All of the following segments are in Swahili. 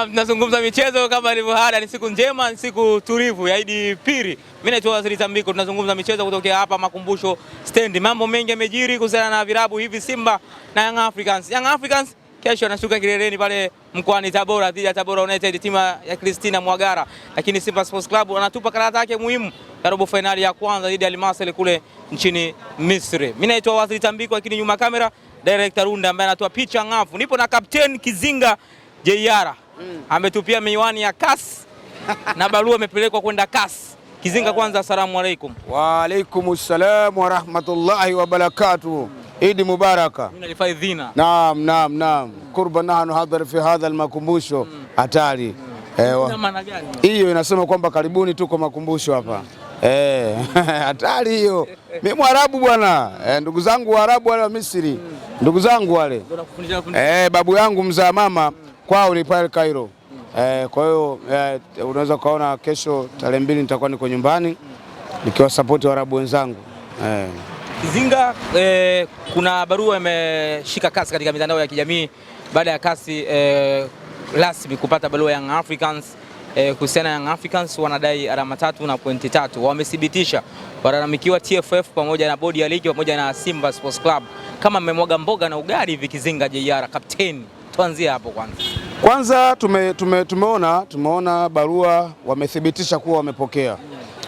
Ah, tunazungumza michezo kama ilivyo hada. Ni siku njema, ni siku tulivu ya Idi Piri. Mimi naitwa Waziri Tambiko, tunazungumza michezo kutokea hapa Makumbusho Stendi. Mambo mengi yamejiri kuhusiana na vilabu hivi Simba na Young Africans. Young Africans kesho anashuka kileleni pale mkoani Tabora dhidi ya Tabora United, timu ya Christina Mwagara, lakini Simba Sports Club anatupa karata yake muhimu ya robo fainali ya kwanza dhidi ya al kule nchini Misri. Mimi naitwa Waziri Tambiko, lakini nyuma kamera director Runda ambaye anatoa picha ngavu. Nipo na Captain Kizinga Jeiara mm. ametupia miwani ya CAS na barua imepelekwa kwenda CAS. Kizinga kwanza, asalamu alaikum. Waalaikum salam warahmatullahi wabarakatuh. Mm. Idi mubaraka. Naam, naam, naam. Kurba nahnu hadhar fi hadha almakumbusho mm. hatari. Mm. Eh, hiyo inasema kwamba karibuni tuko makumbusho hapa eh, hatari. Hiyo mimi Mwarabu bwana, eh, ndugu zangu Waarabu wale wa Misri, ndugu zangu wale, babu yangu mzaa mama kwao ni pale Cairo. Eh, kwa hiyo eh, unaweza ukaona kesho tarehe mbili nitakuwa niko nyumbani nikiwasapoti Waarabu wenzangu eh. Kizinga eh, kuna barua imeshika kasi katika mitandao ya kijamii baada ya kasi eh, rasmi kupata barua Young Africans eh, kuhusiana Young Africans wanadai alama tatu na pointi tatu, wamethibitisha walalamikiwa TFF pamoja na bodi ya ligi pamoja na Simba Sports Club. Kama mmemwaga mboga na ugali hivi Kizinga JR, kapteni, tuanzie hapo kwanza. Kwanza tume, tume, tumeona tumeona barua wamethibitisha kuwa wamepokea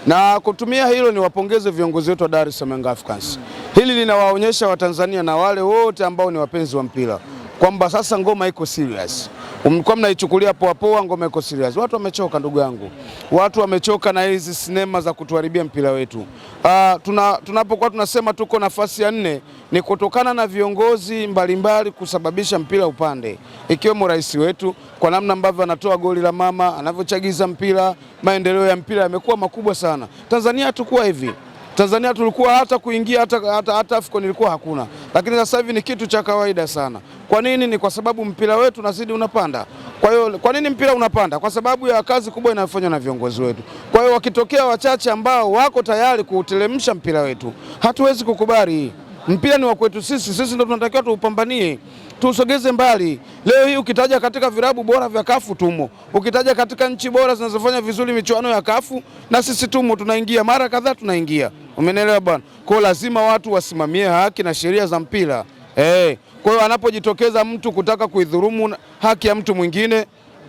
na kutumia hilo ni wapongeze viongozi wetu wa Dar es Salaam Africans. Hili linawaonyesha Watanzania na wale wote ambao ni wapenzi wa mpira kwamba sasa ngoma iko serious mlikuwa um, mnaichukulia poa poa, ngoma iko serious. Watu wamechoka ndugu yangu, watu wamechoka na hizi sinema za kutuharibia mpira wetu. Uh, tuna, tunapokuwa tunasema tuko nafasi ya nne ni kutokana na viongozi mbalimbali mbali kusababisha mpira upande, ikiwemo rais wetu kwa namna ambavyo anatoa goli la mama, anavyochagiza mpira. Maendeleo ya mpira yamekuwa makubwa sana. Tanzania hatukuwa hivi. Tanzania tulikuwa hata kuingia hata, hata, hata AFCON ilikuwa hakuna, lakini sasa hivi ni kitu cha kawaida sana. Kwa nini? Ni kwa sababu mpira wetu unazidi unapanda. Kwa hiyo kwa nini mpira unapanda? Kwa sababu ya kazi kubwa inayofanywa na viongozi wetu. Kwa hiyo wakitokea wachache ambao wako tayari kuutelemsha mpira wetu, hatuwezi kukubali. Mpira ni wa kwetu sisi, sisi ndio tunatakiwa tuupambanie, tuusogeze mbali. Leo hii ukitaja katika virabu bora vya kafu tumo, ukitaja katika nchi bora zinazofanya vizuri michuano ya kafu, na sisi tumo, tunaingia mara kadhaa, tunaingia Umenielewa bwana? Kwa lazima watu wasimamie haki na sheria za mpira eh. Kwa hiyo anapojitokeza mtu kutaka kuidhurumu haki ya mtu mwingine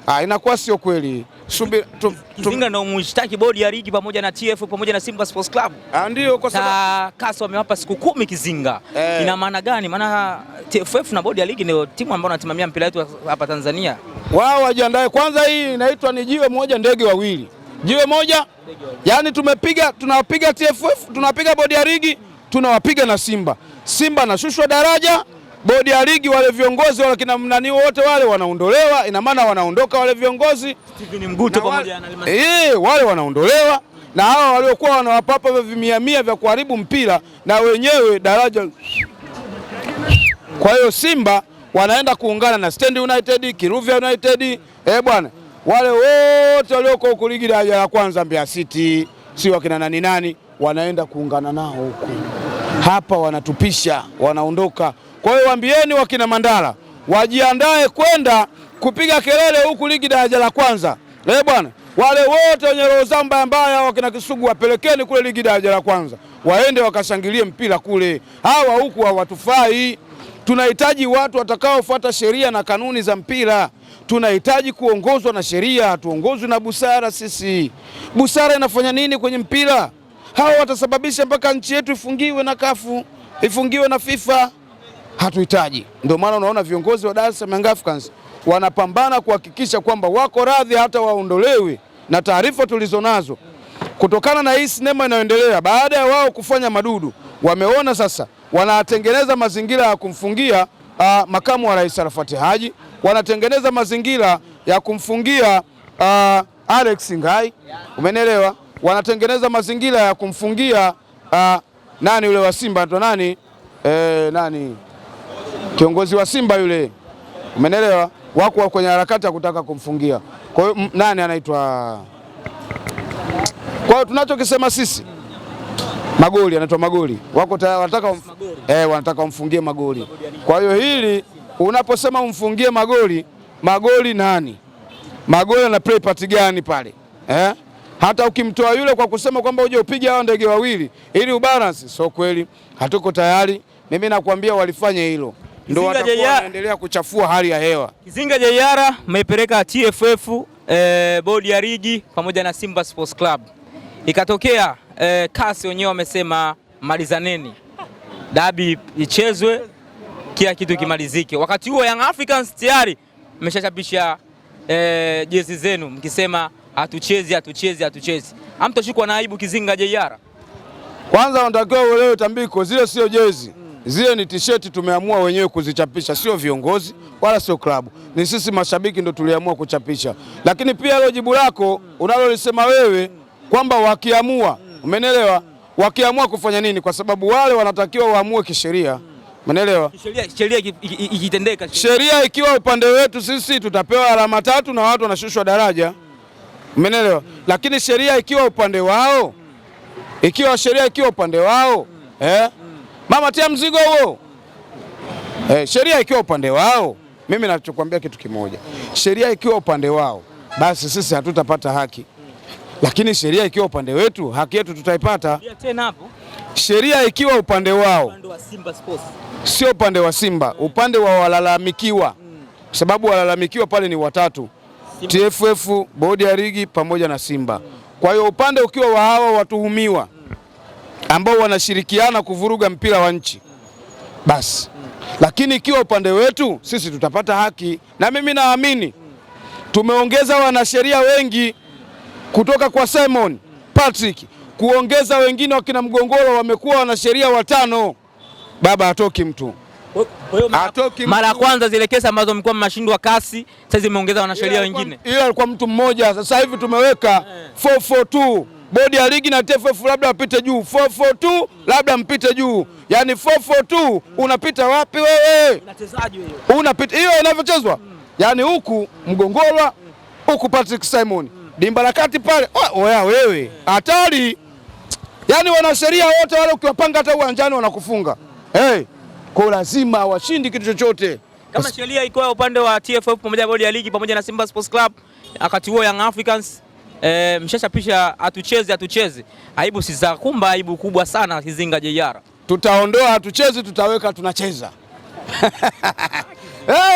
ah, inakuwa sio kweli. Subiri Kizinga ndio mshtaki bodi ya ligi pamoja na TF pamoja na Simba Sports Club. Ah, ndio kwa sababu CAS wamewapa siku kumi Kizinga. Eh. Ina maana gani? Maana TFF na bodi ya ligi ndio timu ambayo wanatimamia mpira wetu hapa Tanzania. Wao wajiandae kwanza, hii inaitwa ni jiwe moja ndege wawili jiwe moja, yaani tumepiga tunawapiga TFF, tunawapiga bodi ya ligi, tunawapiga na Simba. Simba anashushwa daraja, bodi ya ligi, wale viongozi wale kina nani wote wale wanaondolewa. Ina maana wanaondoka wale viongozi Steven Mguto pamoja na Almasi, eh, wale wanaondolewa na hawa waliokuwa wanawapapa hivyo vimiamia vya kuharibu mpira na wenyewe daraja. Kwa hiyo Simba wanaenda kuungana na Stand United, Kiruvia United, eh bwana wale wote walioko huku ligi daraja la kwanza Mbeya City, si wakina nani nani, wanaenda kuungana nao huku, hapa wanatupisha, wanaondoka. Kwa hiyo waambieni wakina Mandala wajiandae kwenda kupiga kelele huku ligi daraja la kwanza. Eh bwana, wale wote wenye roho zao mbaya mbaya wakina Kisugu wapelekeni kule ligi daraja la kwanza, waende wakashangilie mpira kule. Hawa huku hawatufai. Tunahitaji watu watakaofuata sheria na kanuni za mpira. Tunahitaji kuongozwa na sheria, hatuongozwi na busara. Sisi busara inafanya nini kwenye mpira? Hawa watasababisha mpaka nchi yetu ifungiwe na kafu ifungiwe na FIFA. Hatuhitaji. Ndio maana unaona viongozi wa Dar es Salaam Africans wanapambana kuhakikisha kwamba wako radhi hata waondolewe, na taarifa tulizonazo kutokana na hii sinema inayoendelea, baada ya wao kufanya madudu, wameona sasa wanatengeneza mazingira ya kumfungia a, ah, makamu wa rais arafati Haji, wanatengeneza mazingira ya kumfungia a, ah, Alex Ngai, umenielewa? Wanatengeneza mazingira ya kumfungia a, ah, nani yule wa Simba ndo nani, e, nani kiongozi wa Simba yule, umenielewa? wako kwenye harakati ya kutaka kumfungia. Kwa hiyo nani anaitwa, kwa hiyo tunachokisema sisi magoli, anaitwa magoli, wako tayari wanataka um... eh, wanataka wamfungie magoli. Kwa hiyo hili unaposema umfungie magoli, magoli nani? Magoli ana play part gani pale eh? Hata ukimtoa yule kwa kusema kwamba uje upige hao ndege wawili ili ubalance, sio kweli, hatuko tayari. Mimi nakwambia walifanya hilo ndio wanaendelea kuchafua hali ya hewa. Kizinga Jaiara mmepeleka TFF e, eh, bodi ya ligi pamoja na Simba Sports Club, ikatokea e, kasi wenyewe wamesema malizaneni, dabi ichezwe, kila kitu kimalizike. Wakati huo Young Africans tayari mmeshachapisha e, jezi zenu mkisema hatuchezi, hatuchezi, hatuchezi. Hamtoshikwa na aibu Kizinga Jaiara? Kwanza unatakiwa uelewe tambiko, zile sio jezi Zile ni tisheti tumeamua wenyewe kuzichapisha, sio viongozi wala sio klabu, ni sisi mashabiki ndo tuliamua kuchapisha. Lakini pia hilo jibu lako unalolisema wewe kwamba wakiamua, umenielewa, wakiamua kufanya nini, kwa sababu wale wanatakiwa waamue kisheria Mnaelewa? Sheria ikiwa upande wetu sisi tutapewa alama tatu na watu wanashushwa daraja. Mnaelewa? Lakini sheria ikiwa upande wao, ikiwa sheria ikiwa upande wao, eh? mama, tia mzigo huo. Eh, sheria ikiwa upande wao, mimi nachokuambia kitu kimoja, sheria ikiwa upande wao, basi sisi hatutapata haki, lakini sheria ikiwa upande wetu, haki yetu tutaipata. Sheria ikiwa upande wao, sio upande wa Simba, upande wa walalamikiwa, sababu walalamikiwa pale ni watatu TFF, bodi ya ligi pamoja na Simba. Kwa hiyo upande ukiwa wa hawa watuhumiwa ambao wanashirikiana kuvuruga mpira wa nchi basi. Lakini ikiwa upande wetu sisi tutapata haki, na mimi naamini tumeongeza wanasheria wengi kutoka kwa Simon Patrick kuongeza wengine, wakina Mgongoro wamekuwa wanasheria watano. Baba hatoki mtu mara ya kwanza zile kesi ambazo mlikuwa mnashindwa kasi, sasa zimeongeza wanasheria wengine, Hiyo alikuwa mtu mmoja. Sasa hivi tumeweka 442 eh bodi ya ligi na TFF labda wapite juu 442 labda mpite juu yani 442 unapita wapi wewe? Unachezaje hiyo? Unapita hiyo inavyochezwa yani huku mgongola huku Patrick Simon dimba la kati pale oh, oya wewe hatari yani wanasheria wote wale ukiwapanga hata uwanjani wanakufunga hey, kwa lazima washindi kitu chochote kama sheria iko upande wa TFF pamoja na bodi ya ligi pamoja na Simba Sports Club, wakati huo Young Africans e, eh, mshashapisha hatuchezi hatuchezi. Aibu si za kumba, aibu kubwa sana Kizinga JR. Tutaondoa hatuchezi, tutaweka tunacheza hey,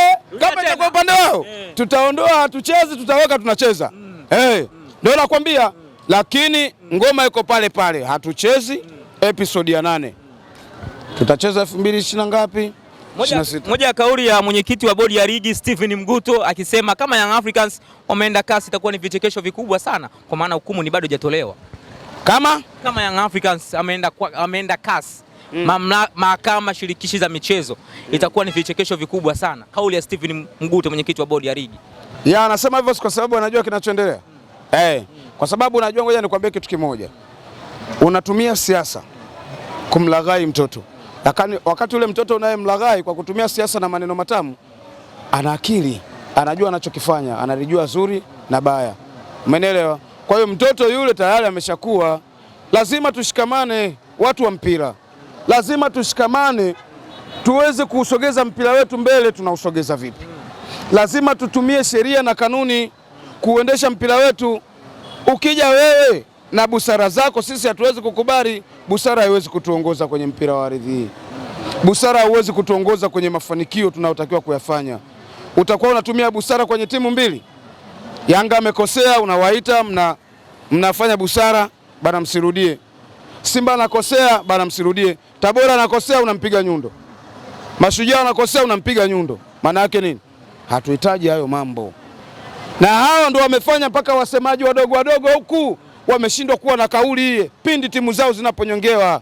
eh, kama kwa upande wao hey. Eh. Tutaondoa hatuchezi, tutaweka tunacheza mm. hey. mm. Ndio nakwambia mm. Lakini mm. ngoma iko pale pale, hatuchezi mm. episodi ya nane mm. tutacheza elfu mbili ishirini na ngapi moja, moja ya kauli ya mwenyekiti wa bodi ya ligi Stephen Mguto akisema kama Young Africans wameenda kasi itakuwa ni vichekesho vikubwa sana, kwa maana hukumu ni bado hajatolewa. Kama kama Young Africans ameenda ameenda kasi mm. mahakama shirikishi za michezo mm. itakuwa ni vichekesho vikubwa sana. Kauli ya Stephen Mguto, mwenyekiti wa bodi ya ligi, ya anasema hivyo kwa sababu anajua kinachoendelea mm. hey. Eh, mm. kwa sababu unajua, ngoja nikwambie kitu kimoja, unatumia siasa kumlaghai mtoto lakini wakati ule mtoto unayemlaghai kwa kutumia siasa na maneno matamu, ana akili, anajua anachokifanya, analijua zuri na baya, umeelewa? Kwa hiyo mtoto yule tayari ameshakuwa. Lazima tushikamane, watu wa mpira, lazima tushikamane tuweze kuusogeza mpira wetu mbele. Tunausogeza vipi? Lazima tutumie sheria na kanuni kuuendesha mpira wetu. Ukija wewe na busara zako, sisi hatuwezi kukubali. Busara haiwezi kutuongoza kwenye mpira wa ardhi hii. Busara hauwezi kutuongoza kwenye mafanikio tunayotakiwa kuyafanya. Utakuwa unatumia busara kwenye timu mbili. Yanga amekosea, unawaita mna, mnafanya busara bana, msirudie. Simba anakosea bana, msirudie. Tabora anakosea, unampiga nyundo. Mashujaa anakosea, unampiga nyundo. Maana yake nini? Hatuhitaji hayo mambo, na hao ndio wamefanya mpaka wasemaji wadogo wadogo huku wameshindwa kuwa na kauli pindi timu zao zinaponyongewa.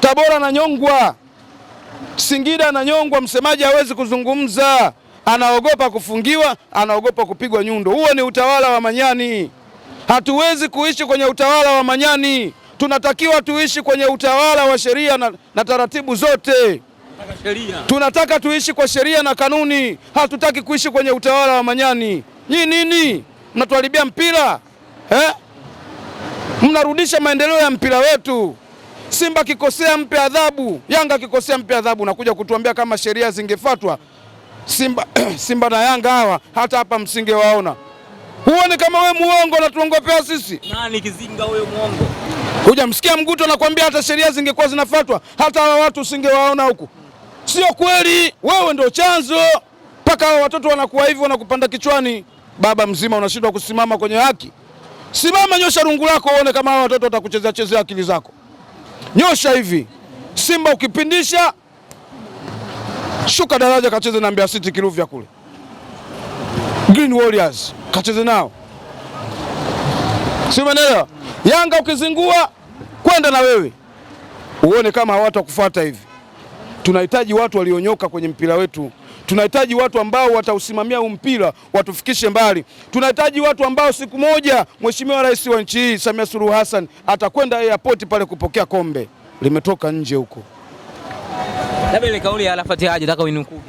Tabora ananyongwa, Singida ananyongwa, msemaji hawezi kuzungumza, anaogopa kufungiwa, anaogopa kupigwa nyundo. Huo ni utawala wa manyani. Hatuwezi kuishi kwenye utawala wa manyani, tunatakiwa tuishi kwenye utawala wa sheria na, na taratibu zote. Tunataka tuishi kwa sheria na kanuni, hatutaki kuishi kwenye utawala wa manyani. Nyii nini mnatuharibia mpira eh? mnarudisha maendeleo ya mpira wetu. Simba kikosea mpe adhabu, Yanga kikosea mpe adhabu. Nakuja kutuambia kama sheria zingefuatwa Simba, Simba na Yanga hawa hata hapa msingewaona. Huone kama we muongo natuongopea sisi nani kizinga we muongo? Kuja msikia mguto nakwambia, hata sheria zingekuwa zinafuatwa hata hawa watu usingewaona huku. Sio kweli, wewe ndio chanzo mpaka hawa watoto wanakuwa hivi, wanakupanda kichwani. Baba mzima unashindwa kusimama kwenye haki. Simama, nyosha rungu lako uone kama hao watoto watakuchezea chezea akili zako. Nyosha hivi. Simba ukipindisha, shuka daraja kacheze na Mbeya City Kiruvya kule. Green Warriors kacheze nao, si umeelewa? Yanga ukizingua kwenda na wewe uone kama watu wakufuata hivi. Tunahitaji watu walionyoka kwenye mpira wetu. Tunahitaji watu ambao watausimamia huu mpira watufikishe mbali. Tunahitaji watu ambao siku moja Mheshimiwa Rais wa nchi hii Samia Suluhu Hassan atakwenda airport pale kupokea kombe, limetoka nje huko. Labda ile kauli ya Arafat Haji nataka uinukuu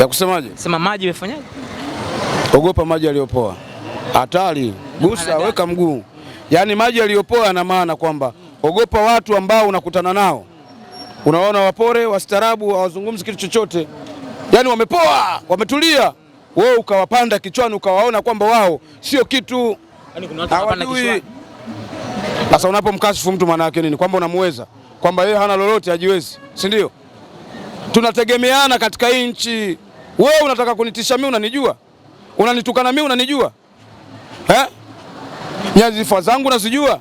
ya kusemaje? Sema maji imefanyaje? Ogopa maji aliyopoa hatari, gusa, weka mguu. Yaani maji aliyopoa yana maana kwamba ogopa watu ambao unakutana nao, unaona wapore, wastarabu hawazungumzi kitu chochote yani wamepoa, wametulia. Wewe ukawapanda kichwani, ukawaona kwamba wao sio kitu, yaani hawajui. Sasa unapomkashifu mtu maana yake nini? Kwamba unamuweza, kwamba yeye hana lolote, hajiwezi, si ndio? Tunategemeana katika hii nchi. Wewe unataka kunitisha mimi, unanijua, unanitukana mimi, unanijua eh? Nyadhifa zangu nazijua,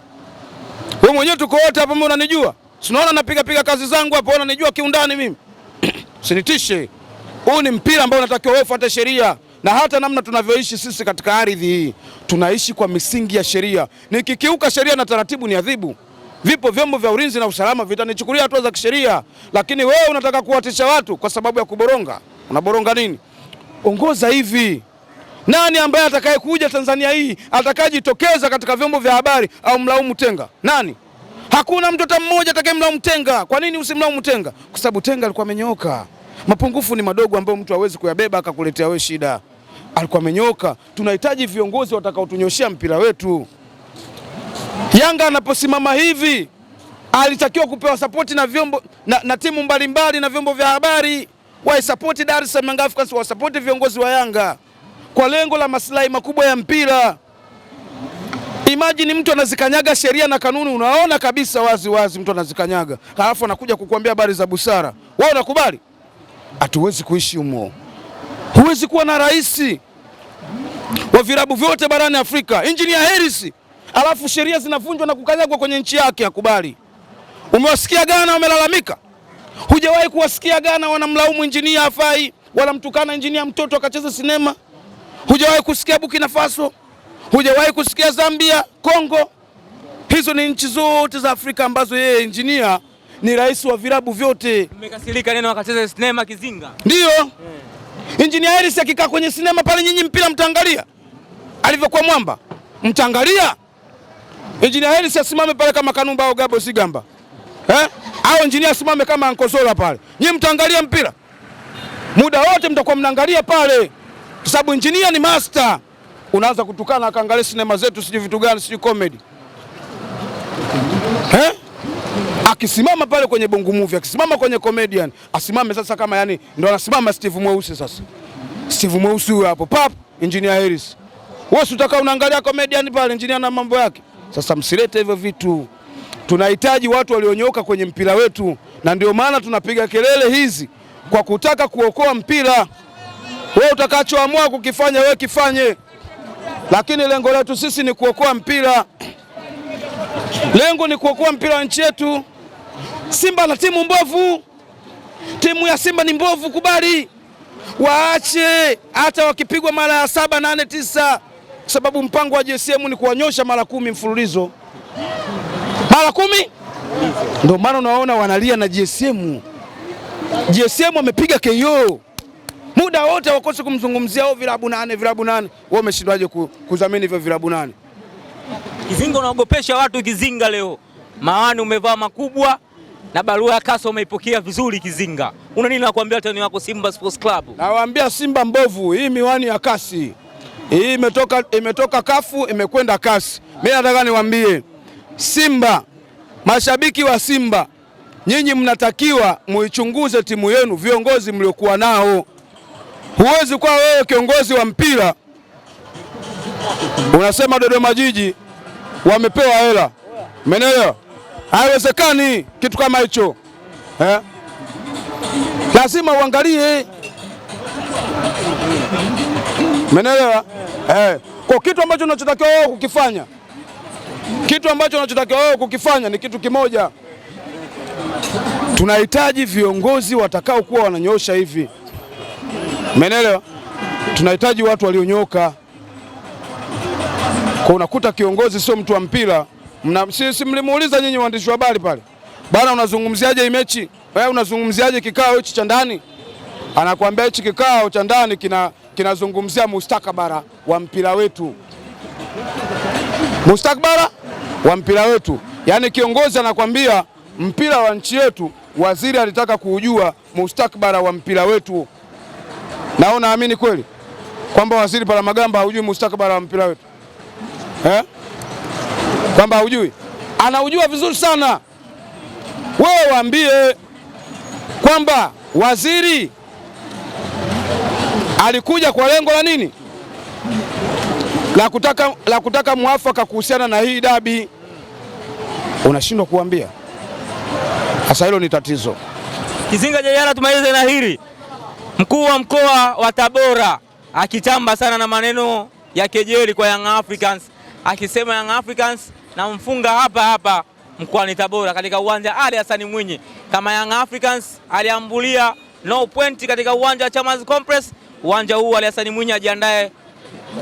wewe mwenyewe tuko wote hapa, mimi unanijua, sinaona napiga piga kazi zangu hapo, unanijua kiundani mimi. sinitishe. Huu ni mpira ambao unatakiwa wewe ufuate sheria na hata namna tunavyoishi sisi katika ardhi hii tunaishi kwa misingi ya sheria. Nikikiuka sheria na taratibu ni adhibu. Vipo vyombo vya ulinzi na usalama vitanichukulia hatua za kisheria, lakini wewe unataka kuwatisha watu kwa sababu ya kuboronga. Unaboronga nini? Ongoza hivi. Nani ambaye atakayekuja Tanzania hii atakayejitokeza katika vyombo vya habari au mlaumu Tenga? Nani? Hakuna mtu hata mmoja atakayemlaumu Tenga. Kwa nini usimlaumu Tenga? Kwa sababu Tenga alikuwa amenyooka. Mapungufu ni madogo ambayo mtu hawezi kuyabeba akakuletea wewe shida. Alikuwa amenyoka. Tunahitaji viongozi watakaotunyoshea mpira wetu. Yanga anaposimama hivi alitakiwa kupewa sapoti na vyombo na, na timu mbalimbali na vyombo vya habari waisapoti Dar es Salaam Young Africans, wasapoti viongozi wa Yanga kwa lengo la maslahi makubwa ya mpira. Imagine mtu anazikanyaga sheria na kanuni, unaona kabisa wazi wazi mtu anazikanyaga, halafu anakuja kukuambia habari za busara, wewe unakubali? hatuwezi kuishi humo. Huwezi kuwa na rais wa virabu vyote barani Afrika, Engineer Harris, alafu sheria zinavunjwa na kukanyagwa kwenye nchi yake akubali. Umewasikia Ghana wamelalamika? Hujawahi kuwasikia Ghana wanamlaumu injinia afai, wanamtukana injinia mtoto akacheza sinema? Hujawahi kusikia Burkina Faso? Hujawahi kusikia Zambia, Kongo? Hizo ni nchi zote za Afrika ambazo yeye engineer ni rais wa vilabu vyote. Mmekasirika nena wakacheza sinema Kizinga, ndio hmm. Injinia Hersi akikaa kwenye sinema pale, nyinyi mpira mtaangalia alivyokuwa mwamba, mtaangalia Injinia Hersi asimame pale kama Kanumba au Gabo Sigamba eh? au injinia asimame kama Ankosola pale, nyinyi mtaangalia mpira muda wote, mtakuwa mnaangalia pale kwa sababu injinia ni master. Unaanza kutukana akaangalia sinema zetu, sijui vitu gani, sijui comedy eh? akisimama pale kwenye bongo movie, akisimama kwenye comedian, asimame sasa kama yani ndo anasimama Steve Mweusi sasa. Steve Mweusi huyo hapo pap, engineer Harris. Wewe si utakao unaangalia comedian pale, engineer na mambo yake. Sasa msilete hivyo vitu. Tunahitaji watu walionyoka kwenye mpira wetu, na ndio maana tunapiga kelele hizi kwa kutaka kuokoa mpira. Wewe utakachoamua kukifanya wewe kifanye, lakini lengo letu sisi ni kuokoa mpira. Lengo ni kuokoa mpira wa nchi yetu. Simba na timu mbovu. Timu ya Simba ni mbovu, kubali, waache hata wakipigwa mara ya saba, nane, tisa, sababu mpango wa JSM ni kuwanyosha mara kumi mfululizo, mara kumi. Ndio maana unaona wanalia na JSM. JSM wamepiga KO muda wote, wakose kumzungumzia o vilabu nane, vilabu nane. Wao wameshindwaje kudhamini hivyo vilabu nane? Kizinga unaogopesha watu, Kizinga leo mawani umevaa makubwa na barua ya kasa wameipokea vizuri. Kizinga, una nini la tani watani wako Simba Sports Club? Nawaambia Simba mbovu, hii miwani ya kasi hii imetoka, imetoka kafu imekwenda kasi Mimi nataka niwaambie Simba, mashabiki wa Simba, nyinyi mnatakiwa muichunguze timu yenu, viongozi mliokuwa nao. Huwezi kuwa wewe kiongozi wa mpira unasema Dodoma Jiji wamepewa hela, umeelewa? haiwezekani kitu kama hicho eh? Lazima uangalie, menelewa eh? Kwa kitu ambacho unachotakiwa wewe kukifanya, kitu ambacho unachotakiwa wewe kukifanya ni kitu kimoja. Tunahitaji viongozi watakao kuwa wananyoosha hivi, menelewa. Tunahitaji watu walionyoka, kwa unakuta kiongozi sio mtu wa mpira Mnamsisi mlimuuliza nyinyi waandishi wa habari pale, bwana, unazungumziaje hii mechi wewe, eh, unazungumziaje kikao hichi cha ndani? Anakuambia hichi kikao cha ndani kina kinazungumzia mustakabara wa mpira wetu, mustakabara wa mpira wetu. Yaani kiongozi anakwambia mpira wa nchi yetu, waziri alitaka kuujua mustakabara wa mpira wetu. Na unaamini kweli kwamba waziri Palamagamba haujui mustakabara wa mpira wetu eh? kwamba hujui, anaujua vizuri sana. Wewe waambie kwamba waziri alikuja kwa lengo la nini, la kutaka, la kutaka mwafaka kuhusiana na hii dabi, unashindwa kuambia. Sasa hilo ni tatizo. Kizinga Jajala, tumalize na hili. Mkuu wa mkoa wa Tabora akitamba sana na maneno ya kejeli kwa Young Africans akisema Young Africans namfunga hapa hapa mkoani Tabora katika uwanja Ali Hassan Mwinyi. Kama Young Africans aliambulia no point katika uwanja wa Chamazi Complex, uwanja huu Ali Hassan Mwinyi ajiandae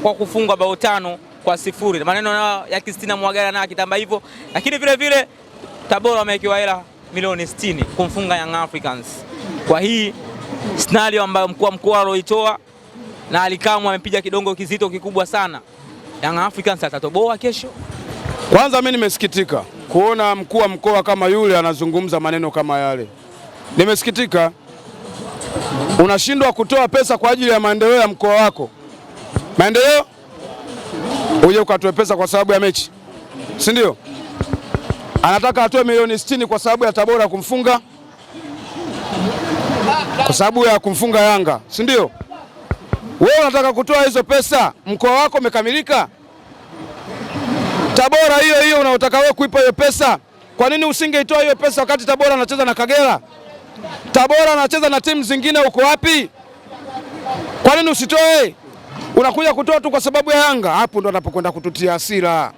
kwa kufungwa bao tano kwa sifuri. Maneno ya Kristina Mwagara na kitamba hivyo, lakini vile vile Tabora wamewekewa hela milioni 60 kumfunga Young Africans kwa hii scenario ambayo mkuu wa mkoa aloitoa na Alikamwe amepiga kidongo kizito kikubwa sana. Young Africans atatoboa kesho. Kwanza mimi nimesikitika kuona mkuu wa mkoa kama yule anazungumza maneno kama yale. Nimesikitika, unashindwa kutoa pesa kwa ajili ya maendeleo ya mkoa wako, maendeleo uje ukatoe pesa kwa sababu ya mechi, si ndio? Anataka atoe milioni sitini kwa sababu ya Tabora kumfunga, kwa sababu ya kumfunga Yanga, si ndio? Wewe unataka kutoa hizo pesa, mkoa wako umekamilika? Tabora hiyo hiyo unaotaka wewe kuipa hiyo pesa, kwa nini usingeitoa hiyo pesa wakati Tabora anacheza na Kagera? Tabora anacheza na timu zingine, uko wapi? Kwa nini usitoe? Unakuja kutoa tu kwa sababu ya Yanga. Hapo ndo anapokwenda kututia hasira.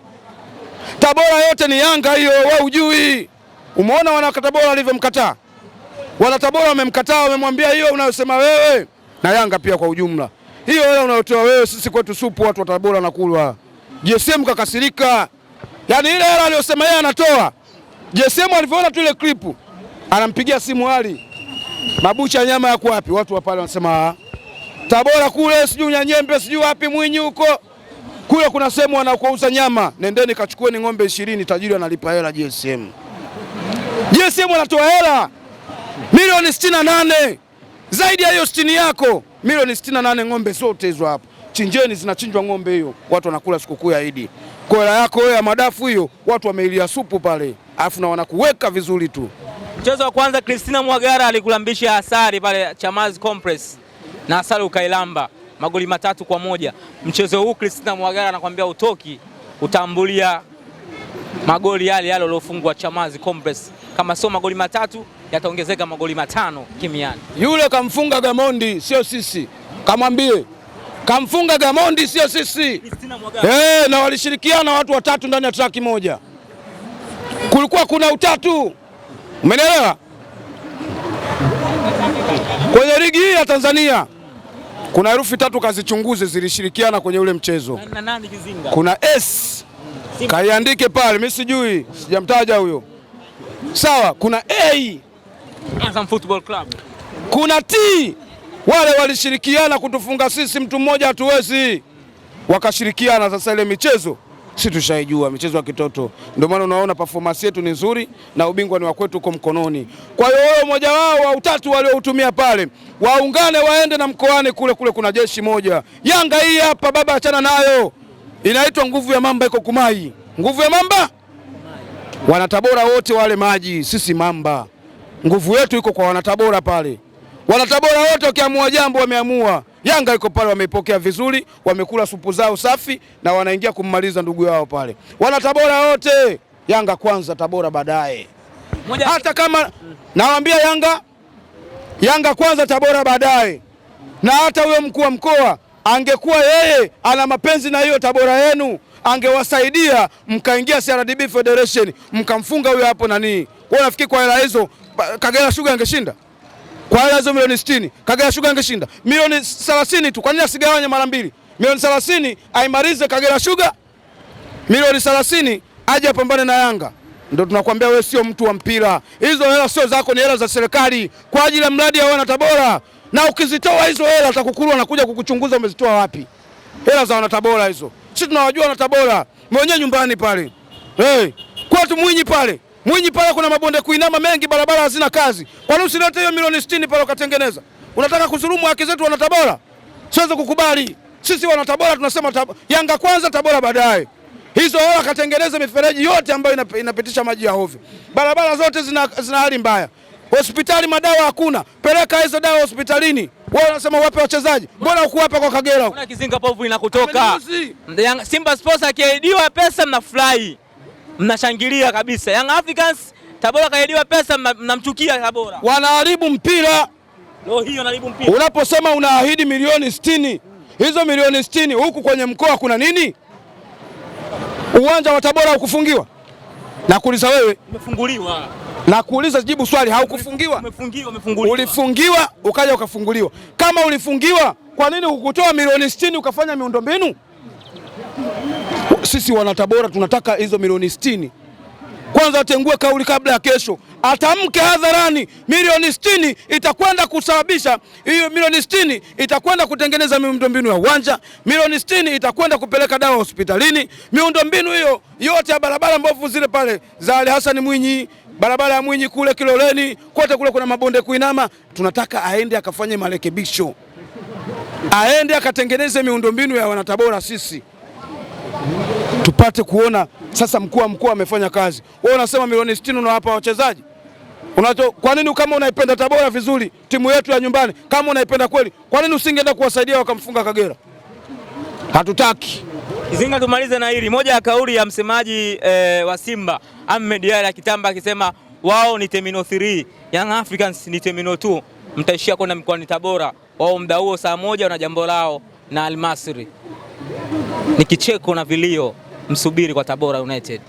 Tabora yote ni Yanga hiyo, wewe ujui. Umeona wana Tabora walivyomkataa, wana Tabora wamemkataa, wamemwambia hiyo unayosema wewe na Yanga pia kwa ujumla, hiyo wewe unayotoa wewe, sisi kwetu supu, watu wa Tabora nakulwa GSM kakasirika, yaani ile hela aliyosema yeye anatoa. GSM alivyoona tu ile clip anampigia simu Ali Mabucha, nyama yako wapi? Watu wa pale wanasema Tabora kule, sijui Nyanyembe, sijui wapi, Mwinyi huko kule, kuna sehemu wanakouza nyama, nendeni kachukueni ng'ombe ishirini. Tajiri analipa hela GSM, GSM anatoa hela milioni sitini na nane zaidi ya hiyo sitini yako, milioni sitini na nane ng'ombe zote hizo hapo chinjeni, zinachinjwa ng'ombe hiyo, watu wanakula sikukuu ya Idi. Koela yako ya madafu hiyo, watu wameilia supu pale, alafu na wanakuweka vizuri tu. Mchezo wa kwanza kristina Mwagara alikulambisha Asali pale Chamazi Compress na Asali ukailamba magoli matatu kwa moja. Mchezo huu Kristina Mwagara anakuambia utoki, utambulia magoli yale yale yalofungwa Chamazi Compress, kama sio magoli matatu yataongezeka magoli matano kimiani. Yule kamfunga Gamondi, sio sisi, kamwambie kamfunga Gamondi, sio sisi e, na walishirikiana watu watatu ndani ya traki moja, kulikuwa kuna utatu, umenielewa? Kwenye ligi hii ya Tanzania kuna herufi tatu kazichunguze, zilishirikiana kwenye ule mchezo. Kuna S kaiandike pale, mimi sijui, sijamtaja huyo. Sawa, kuna A Azam Football Club, kuna T wale walishirikiana kutufunga sisi, mtu mmoja hatuwezi, wakashirikiana. Sasa ile michezo si tushaijua michezo ya kitoto, ndio maana unaona performance yetu ni nzuri na ubingwa ni wa kwetu, uko mkononi. Kwa hiyo wao mmoja wao wa utatu walioutumia pale waungane, waende na mkoani kule kule, kuna jeshi moja. Yanga hii hapa baba, achana nayo, inaitwa nguvu ya mamba, iko Kumai. Nguvu ya mamba wanatabora wote wale maji, sisi mamba, nguvu yetu iko kwa wanatabora pale. Wanatabora wote wakiamua jambo wameamua. Yanga iko pale, wameipokea vizuri, wamekula supu zao safi na wanaingia kummaliza ndugu yao pale. Wanatabora wote, Yanga kwanza, Tabora baadaye. Hata kama nawaambia Yanga, Yanga kwanza, Tabora baadaye. Na hata huyo mkuu wa mkoa angekuwa yeye ana mapenzi na hiyo Tabora yenu angewasaidia mkaingia CRDB Federation mkamfunga huyo hapo nani. Wewe unafikiri kwa hela hizo Kagera Sugar angeshinda. Kwa hela hizo milioni 60 Kagera Sugar angeshinda milioni 30 tu. Kwa nini asigawanye mara mbili? Milioni 30 aimarize Kagera Sugar, milioni 30 aje apambane na Yanga. Ndio tunakwambia wewe sio mtu wa mpira. Hizo hela sio zako, ni hela za serikali kwa ajili ya mradi wa wana Tabora, na ukizitoa hizo hela na kuja kukuchunguza umezitoa wapi. Hela za wana Tabora hizo, sisi tunawajua wana Tabora mwenye nyumbani pale, hey, kwetu Mwinyi pale Mwinyi pale kuna mabonde kuinama mengi, barabara hazina kazi. Kwa nini usilete hiyo milioni sitini pale ukatengeneza? Unataka kudhulumu haki zetu wana Tabora? Siwezi kukubali. Sisi wana Tabora tunasema tab Yanga kwanza, Tabora baadaye. Hizo hela katengeneza mifereji yote ambayo inap inapitisha maji ya hovyo. Barabara zote zina, zina hali mbaya. Hospitali madawa hakuna. Peleka hizo dawa hospitalini. Wewe unasema wape wachezaji. Mbona hukuwapa kwa Kagera? Kuna kizinga povu inakutoka? Simba Sports akiaidiwa pesa mnafurahi mnashangilia kabisa. Young Africans Tabora kaidiwa pesa, mnamchukia Tabora, wanaharibu mpira. Ndio hiyo wanaharibu mpira. Unaposema unaahidi milioni sitini, hizo milioni sitini huku kwenye mkoa kuna nini? Uwanja wa Tabora haukufungiwa? Nakuuliza wewe, umefunguliwa? Nakuuliza, jibu swali, haukufungiwa? Umefungiwa, umefunguliwa. Ulifungiwa ukaja ukafunguliwa. Kama ulifungiwa, kwa nini hukutoa milioni 60 ukafanya miundombinu? sisi wanatabora tunataka hizo milioni sitini kwanza atengue kauli kabla ya kesho, atamke hadharani milioni sitini itakwenda kusababisha hiyo milioni sitini itakwenda kutengeneza miundombinu ya uwanja, milioni sitini itakwenda kupeleka dawa hospitalini, miundombinu hiyo yote ya barabara mbovu zile pale za Ali Hassan Mwinyi, barabara ya Mwinyi kule Kiloleni kote kule kuna mabonde kuinama, tunataka aende akafanye marekebisho, aende akatengeneze miundombinu ya wanatabora sisi tupate kuona sasa mkuu wa mkoa amefanya kazi. Wewe unasema milioni 60 unawapa wachezaji unacho, kwa nini kama unaipenda Tabora vizuri timu yetu ya nyumbani, kama unaipenda kweli, kwa nini usingeenda kuwasaidia wakamfunga Kagera? Hatutaki Izinga. Tumalize na hili moja ya kauli ya msemaji e, wa Simba Ahmed Yala Kitamba akisema wao ni terminal 3, Young Africans ni terminal 2, mtaishia kwenda mkoani Tabora. Wao muda huo saa moja wana jambo lao na Almasri ni kicheko na vilio, msubiri kwa Tabora United.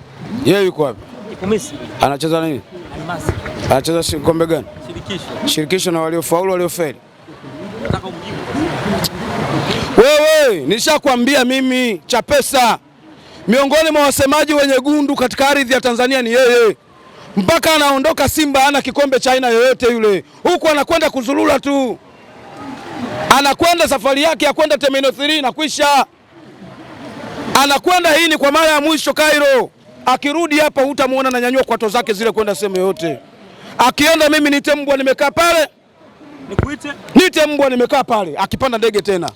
Yeye yuko wapi? Ikumisi. Anacheza nini? Almasi. Anacheza kombe gani? Shirikisho. Shirikisho na waliofaulu waliofeli. Wewe, nishakwambia mimi Chapesa miongoni mwa wasemaji wenye gundu katika ardhi ya Tanzania ni yeye. Mpaka anaondoka Simba ana kikombe cha aina yoyote yule, huku anakwenda kuzulula tu, anakwenda safari yake ya kwenda Terminal 3 na kuisha anakwenda hii ni kwa mara ya mwisho Cairo. Akirudi hapa hutamwona na nyanyua kwato zake zile kwenda sehemu yoyote. Akienda mimi nite mbwa nimekaa pale, nikuite nite mbwa nimekaa pale, akipanda ndege tena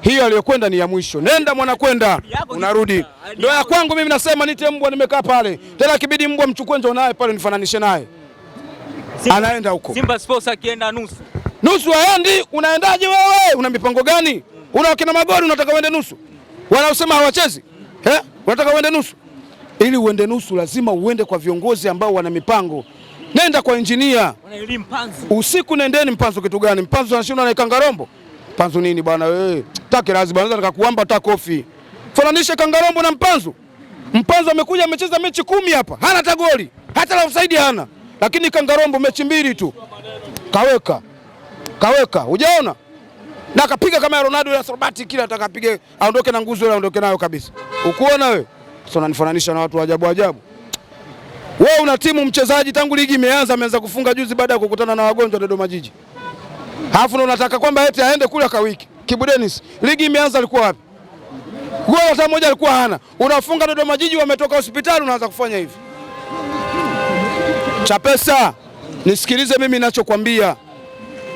hiyo aliyokwenda ni ya mwisho. Nenda mwana kwenda, unarudi. Ndio ya kwangu mimi, nasema nite mbwa nimekaa pale tena, kibidi mbwa mchukue njoo naye pale nifananishe naye, anaenda huko. Simba Sports akienda nusu nusu, aendi. Unaendaje wewe? Una mipango gani? Mm. Una wakina magori, unataka uende nusu? wanaosema hawachezi eh? Wanataka uende nusu. Ili uende nusu, lazima uende kwa viongozi ambao wana mipango. Nenda kwa injinia usiku, nendeni mpanzo Kitu gani Mpanzu anashinda na Kangarombo? mpanzo nini bwana wewe? Eh, Take lazima naweza nikakuamba ta kofi. Fananishe Kangarombo na mpanzo. Mpanzo amekuja amecheza mechi kumi hapa, hana hata goli, hata la usaidi hana, lakini Kangarombo mechi mbili tu kaweka, kaweka. Hujaona? na akapiga kama Ronaldo ya Sorbati kila atakapiga aondoke na nguzo ile aondoke nayo kabisa. Ukuona wewe? Sasa unanifananisha na watu wa ajabu ajabu. Wewe una timu mchezaji tangu ligi imeanza ameanza kufunga juzi baada ya kukutana na wagonjwa Dodoma Jiji. Alafu na unataka kwamba eti aende kule kwa wiki. Kibu Dennis, ligi imeanza alikuwa wapi? Goli hata moja alikuwa hana. Unafunga Dodoma Jiji wametoka hospitali unaanza kufanya hivi. Chapesa, nisikilize mimi ninachokwambia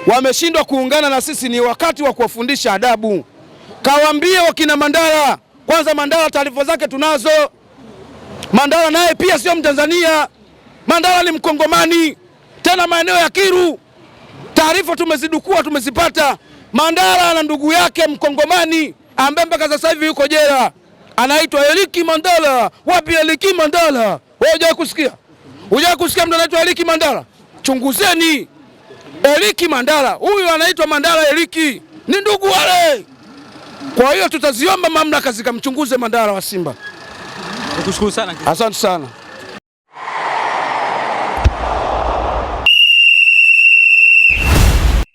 wameshindwa kuungana na sisi, ni wakati wa kuwafundisha adabu. Kawambie wakina Mandala kwanza. Mandala taarifa zake tunazo. Mandala naye pia sio Mtanzania, Mandala ni Mkongomani, tena maeneo ya Kiru. Taarifa tumezidukua tumezipata. Mandala na ndugu yake Mkongomani ambaye mpaka sasa hivi yuko jela anaitwa Eliki Mandala. Wapi Eliki Mandala? Wewe hujawahi kusikia? Hujawahi kusikia mtu anaitwa Eliki Mandala? Chunguzeni. Eliki Mandala, huyu anaitwa Mandala Eliki, ni ndugu wale. Kwa hiyo tutaziomba mamlaka zikamchunguze Mandala wa Simba. Nikushukuru sana. Asante sana.